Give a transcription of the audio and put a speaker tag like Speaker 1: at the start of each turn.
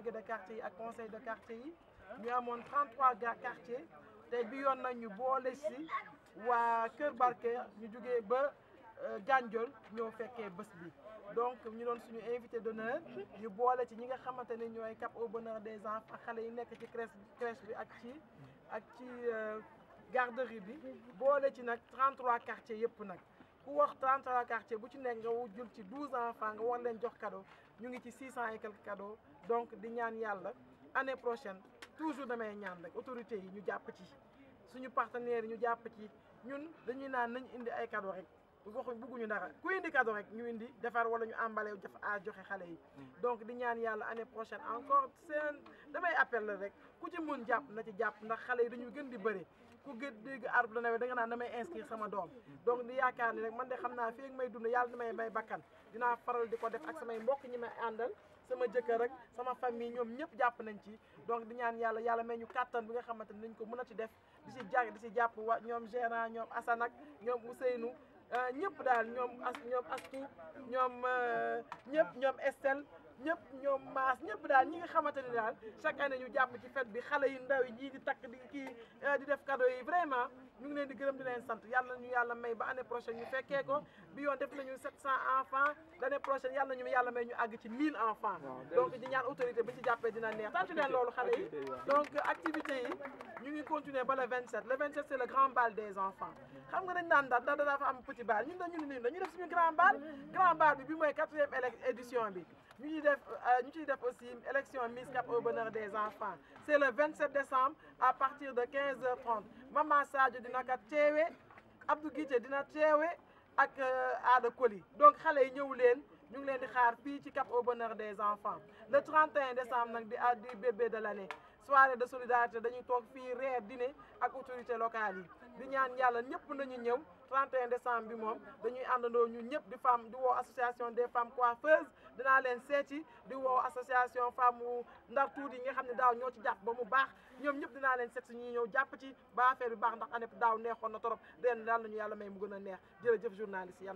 Speaker 1: délégué de quartier yi ak conseil de quartier yi ñu amoon 33 gars quartier tey bi yoon nag ñu boole si waa Kër Barke ñu jugee ba Gandiol euh, ñoo fekkee bés bi donc ñu doon suñu invité d'honneur ñu boole ci ñi nga xamante ne ñooy cap au bonheur des enfants xale yi nekk ci crèche crèche bi ak ci ak ci euh, garderie bi boole ci nag 33 quartiers yëpp nag ku wax 33 quartier bu ci nekk nga jël ci 12 enfants nga war leen jox cadeau ñu ngi ci 600 et quelques cadeaux donc di ñaan yàlla année prochaine toujours damay ñaan rek autorités yi ñu jàpp ci suñu partenaires yi ñu jàpp ci ñun dañuy naan nañ indi ay cadeau rek waxu bugguñu dara ku indi cadeau rek ñu indi defar wala ñu emballé def à ah, joxe xale yi mm. donc di ñaan yàlla année prochaine encore seen damay appel rek ku ci mun jàpp na ci jàpp ndax xale yi dañuy gën di bëri ku gën dégg arbre de Noël da nga naan damay inscrire sama doom donc di yaakaar ni rek man de xam naa fii ak may dund yàlla damay may bakkan dinaa faral di ko def ak samay mbokk ñi may àndal sama jëkkër rek sama famille ñoom ñëpp jàpp nañ ci donc di ñaan yàlla yàlla may ñu kàttan bi nga xamante ni nañ ko mën a ci def di si jàng di si jàpp wa ñoom gérant ñoom Assane ak ñoom Ousseynou euh, ñëpp daal ñoom as ñoom Astou ñoom euh, ñëpp ñoom Estelle ñépp ñoom maas ñëpp daal ñi nga xamante ni daal chaque année ñu jàpp ci fête bi xale yu ndaw yi ñii di takk di kii eh, di def cadeau yi vraiment ñu ngi leen di gërëm di leen sant yàlla ñu yàlla may ba année prochaine ñu fekkee bi yoon def nañu 700 enfants l'année prochaine yàlla ñu yàlla may ñu àgg ci 1000 enfants donc di ñaan autorité bi ci jàppee dina neex sant leen loolu xale yi donc activité yi ñu ngi continuer ba le 27 le 27 c'est le grand bi ñu ciy def euh, ñu ciy def aussi élection Miss Cap au bonheur des enfants c'est le vingt 27 décembre à partir de 15h30 Mama Sadio dina ko teewe Abdou Guité dina teewe ak euh, Ada Koli donc xale yi ñëw leen ñu ngi leen di xaar fii ci Cap au bonheur des enfants le 31 décembre nag di du bébé de la l'année soirée de solidarité dañuy toog fii reer dîner ak autorités locales yi di ñaan yàlla ñëpp nañu ñëw des décembre bi moom dañuy àndandoo ñu ñëpp di femme di woo association des fem coiffeuses dinaa leen seeti di woo association femme ndar tuuti yi nga xam ne daaw ñoo ci jàpp ba mu baax ñoom ñëpp dinaa leen seet si ñuy ñëw jàpp ci ba affaire bi baax ndax année daaw neexoon na torop ren daal nañu yàlla may mu gën a neex jërëjëf journaliste yi